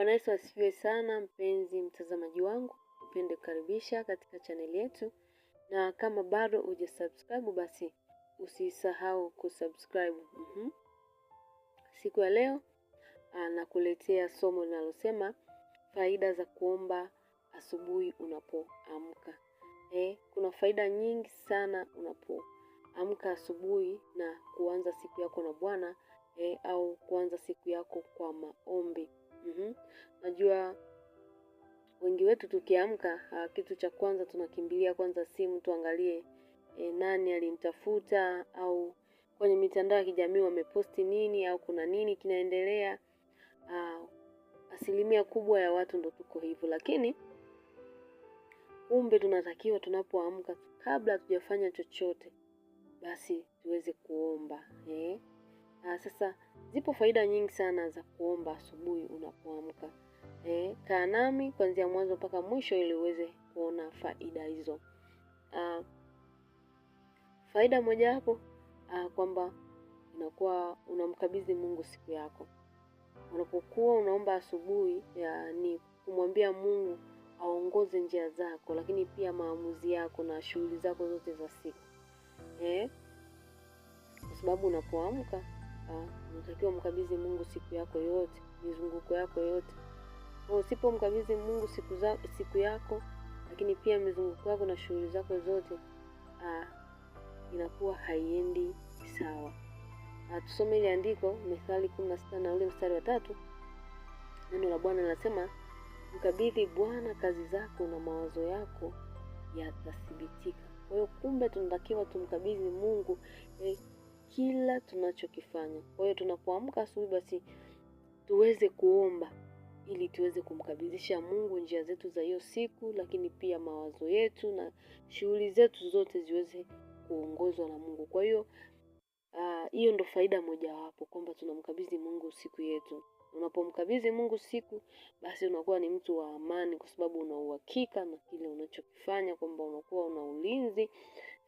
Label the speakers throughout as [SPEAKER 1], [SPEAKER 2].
[SPEAKER 1] Bwana Yesu asifiwe sana, mpenzi mtazamaji wangu, upende kukaribisha katika chaneli yetu, na kama bado hujasubscribe basi usisahau kusubscribe. mm -hmm. Siku ya leo ah, nakuletea somo linalosema faida za kuomba asubuhi unapoamka. Eh, kuna faida nyingi sana unapoamka asubuhi na kuanza siku yako na Bwana eh, au kuanza siku yako kwa maombi. Mm-hmm. Najua wengi wetu tukiamka, ah, kitu cha kwanza tunakimbilia kwanza simu tuangalie e, nani alinitafuta au kwenye mitandao ya kijamii wameposti nini au kuna nini kinaendelea. Uh, asilimia kubwa ya watu ndo tuko hivyo, lakini kumbe tunatakiwa tunapoamka, kabla hatujafanya chochote, basi tuweze kuomba eh? Aa, ah, sasa zipo faida nyingi sana za kuomba asubuhi unapoamka. E, kaa nami kuanzia mwanzo mpaka mwisho ili uweze kuona faida hizo. Aa, ah, faida moja hapo ah, kwamba unakuwa unamkabidhi Mungu siku yako. Unapokuwa unaomba asubuhi yani ni kumwambia Mungu aongoze njia zako, lakini pia maamuzi yako na shughuli zako zote za siku e, kwa sababu unapoamka Ah, unatakiwa mkabidhi Mungu siku yako yote, mizunguko yako yote. mkabidhi Mungu siku, za, siku yako lakini pia mizunguko yako na shughuli zako zote aa, ah, inakuwa haiendi sawa. Aa, ah, tusome ile andiko Mithali 16 na ule mstari wa tatu. Neno la Bwana linasema mkabidhi Bwana kazi zako na mawazo yako yatathibitika. Kwa hiyo kumbe, tunatakiwa tumkabidhi Mungu eh, kila tunachokifanya. Kwa hiyo tunapoamka asubuhi, basi tuweze kuomba ili tuweze kumkabidhisha Mungu njia zetu za hiyo siku, lakini pia mawazo yetu na shughuli zetu zote ziweze kuongozwa na Mungu. Kwa hiyo ah, hiyo uh, ndo faida mojawapo kwamba tunamkabidhi Mungu siku yetu. Unapomkabidhi Mungu siku, basi unakuwa ni mtu wa amani, kwa sababu una uhakika na kile unachokifanya, kwamba unakuwa una ulinzi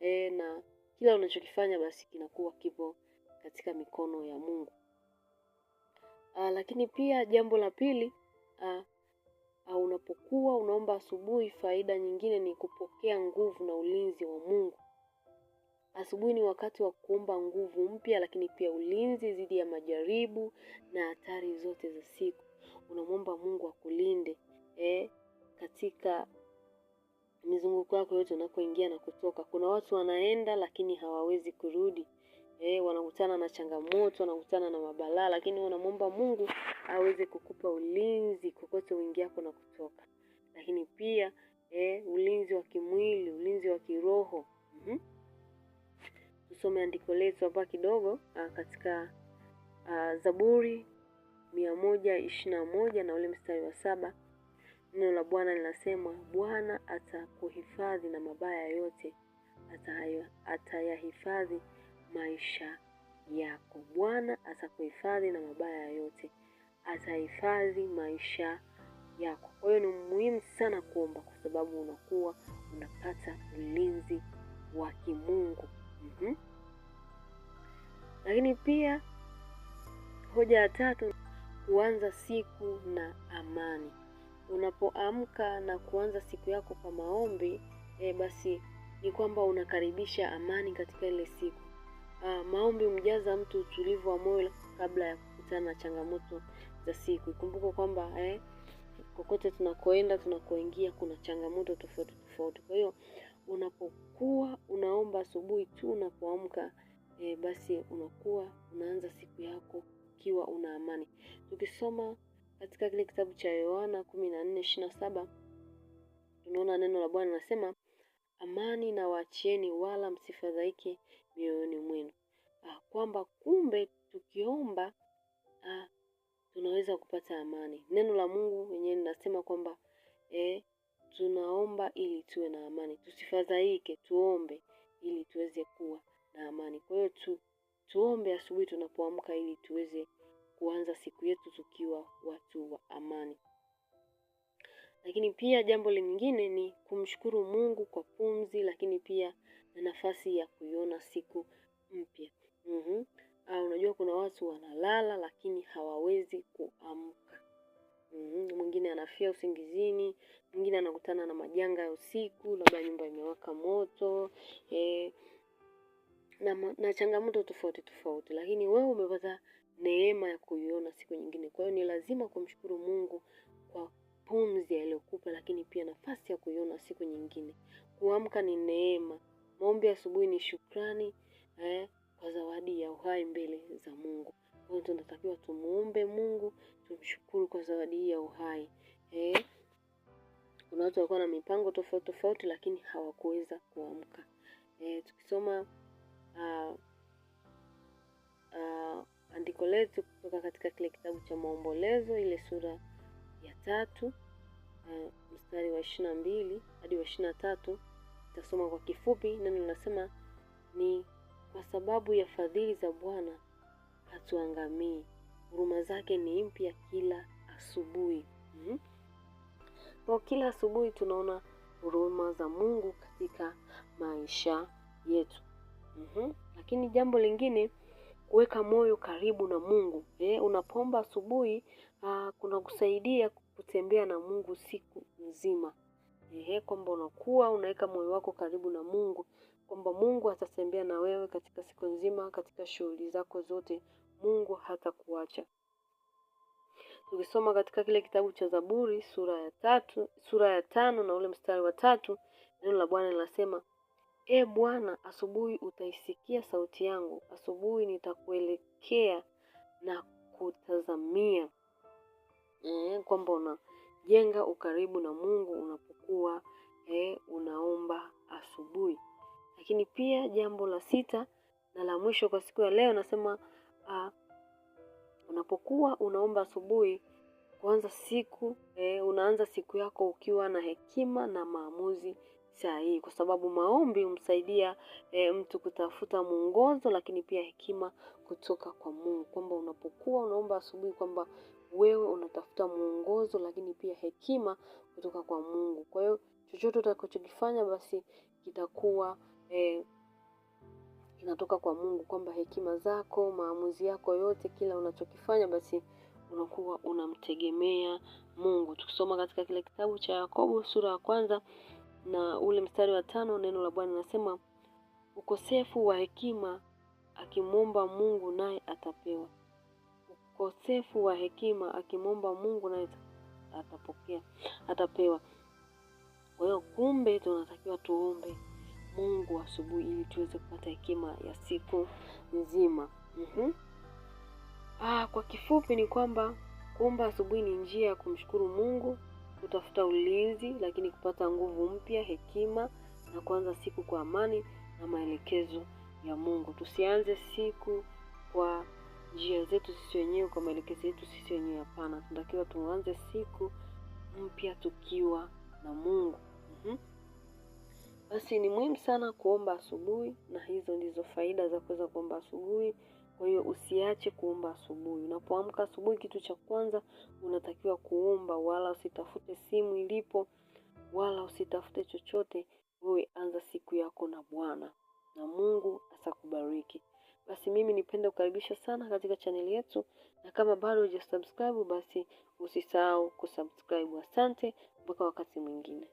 [SPEAKER 1] e, na kila unachokifanya basi kinakuwa kipo katika mikono ya Mungu. Aa, ah, lakini pia jambo la pili aa, ah, aa, ah, unapokuwa unaomba asubuhi, faida nyingine ni kupokea nguvu na ulinzi wa Mungu. Asubuhi ni wakati wa kuomba nguvu mpya, lakini pia ulinzi dhidi ya majaribu na hatari zote za siku. Unamwomba Mungu akulinde eh, katika mizunguko yako yote, unakoingia na kutoka. Kuna watu wanaenda lakini hawawezi kurudi e, wanakutana na changamoto, wanakutana na mabalaa, lakini unamwomba Mungu aweze kukupa ulinzi kokote uingiako na kutoka, lakini pia e, ulinzi wa kimwili, ulinzi wa kiroho mm-hmm. Tusome andiko letu hapa kidogo a, ah, katika a, ah, Zaburi mia moja ishirini na moja na ule mstari wa saba Neno la Bwana linasema, Bwana atakuhifadhi na mabaya yote, atayahifadhi maisha yako. Bwana atakuhifadhi na mabaya yote, atahifadhi maisha yako. Kwa hiyo ni muhimu sana kuomba, kwa sababu unakuwa unapata ulinzi wa kimungu. Mm-hmm. Lakini pia hoja ya tatu, kuanza siku na amani unapoamka na kuanza siku yako kwa maombi e, basi ni kwamba unakaribisha amani katika ile siku. Aa, ah, maombi umjaza mtu utulivu wa moyo kabla ya kukutana na changamoto za siku. Ikumbuke kwamba eh, kokote tunakoenda tunakoingia kuna changamoto tofauti tofauti. Kwa hiyo unapokuwa unaomba asubuhi tu unapoamka e, basi unakuwa unaanza siku yako ukiwa una amani. Tukisoma katika kile kitabu cha Yohana kumi na nne ishirini na saba tunaona neno la Bwana linasema amani na waachieni, wala msifadhaike mioyoni mwenu, ah, kwamba kumbe tukiomba ah, tunaweza kupata amani. Neno la Mungu wenyewe linasema kwamba eh, tunaomba ili tuwe na amani, tusifadhaike, tuombe ili tuweze kuwa na amani. Kwa hiyo tu, tuombe asubuhi tunapoamka ili tuweze kuanza siku yetu tukiwa watu wa amani. Lakini pia jambo lingine ni kumshukuru Mungu kwa pumzi, lakini pia na nafasi ya kuiona siku mpya. Mm-hmm. Unajua kuna watu wanalala lakini hawawezi kuamka. Mm-hmm. Mwingine anafia usingizini, mwingine anakutana na majanga ya usiku, labda nyumba imewaka moto eh, na, na changamoto tofauti tofauti, lakini wewe umepata neema ya kuiona siku nyingine. Kwa hiyo ni lazima kumshukuru Mungu kwa pumzi aliyokupa, lakini pia nafasi ya kuiona siku nyingine. Kuamka ni neema, maombi asubuhi ni shukrani eh, kwa zawadi ya uhai mbele za Mungu. Kwa hiyo tunatakiwa tumuombe Mungu, tumshukuru kwa zawadi hii ya uhai eh. Kuna watu walikuwa na mipango tofauti tofauti, lakini hawakuweza kuamka eh, tukisoma maombolezo kutoka katika kile kitabu cha maombolezo ile sura ya tatu uh, mstari wa ishirini na mbili hadi wa ishirini na tatu nitasoma kwa kifupi neno linasema ni kwa sababu ya fadhili za bwana hatuangamii huruma zake ni mpya kila asubuhi mm-hmm. kwa kila asubuhi tunaona huruma za mungu katika maisha yetu mm-hmm. lakini jambo lingine kuweka moyo karibu na Mungu. Eh, unapoomba asubuhi ah, kunakusaidia kutembea na Mungu siku nzima. eh, kwamba unakuwa unaweka moyo wako karibu na Mungu, kwamba Mungu atatembea na wewe katika siku nzima, katika shughuli zako zote, Mungu hatakuacha. Tukisoma katika kile kitabu cha Zaburi sura ya tatu, sura ya tano na ule mstari wa tatu, neno la Bwana linasema e Bwana, asubuhi utaisikia sauti yangu, asubuhi nitakuelekea na kutazamia. E, kwamba unajenga ukaribu na Mungu unapokuwa e, unaomba asubuhi. Lakini pia jambo la sita na la mwisho kwa siku ya leo nasema uh, unapokuwa unaomba asubuhi kuanza siku e, unaanza siku yako ukiwa na hekima na maamuzi sahihi, kwa sababu maombi humsaidia e, mtu kutafuta mwongozo, lakini pia hekima kutoka kwa Mungu, kwamba unapokuwa unaomba asubuhi, kwamba wewe unatafuta mwongozo, lakini pia hekima kutoka kwa Mungu. Kwa hiyo chochote utakachokifanya basi kitakuwa e, kinatoka kwa Mungu, kwamba hekima zako, maamuzi yako yote, kila unachokifanya basi unakuwa unamtegemea Mungu. Tukisoma katika kile kitabu cha Yakobo sura ya kwanza na ule mstari wa tano neno la Bwana linasema ukosefu wa hekima akimwomba Mungu naye atapewa. Ukosefu wa hekima akimwomba Mungu naye atapokea, atapewa. Kwa hiyo kumbe, tunatakiwa tuombe Mungu asubuhi ili tuweze kupata hekima ya siku nzima. Mm-hmm. Ah, kwa kifupi ni kwamba kuomba asubuhi ni njia ya kumshukuru Mungu kutafuta ulinzi, lakini kupata nguvu mpya, hekima na kuanza siku kwa amani na maelekezo ya Mungu. Tusianze siku kwa njia zetu sisi wenyewe, kwa maelekezo yetu sisi wenyewe. Hapana, tunatakiwa tuanze siku mpya tukiwa na Mungu. mm-hmm. Basi ni muhimu sana kuomba asubuhi, na hizo ndizo faida za kuweza kuomba asubuhi. Kwa hiyo usiache kuomba asubuhi. Unapoamka asubuhi, kitu cha kwanza unatakiwa kuomba, wala usitafute simu ilipo, wala usitafute chochote. Wewe anza siku yako na Bwana na Mungu atakubariki. Basi mimi nipende kukaribisha sana katika chaneli yetu, na kama bado hujasubscribe, basi usisahau kusubscribe. Asante mpaka wakati mwingine.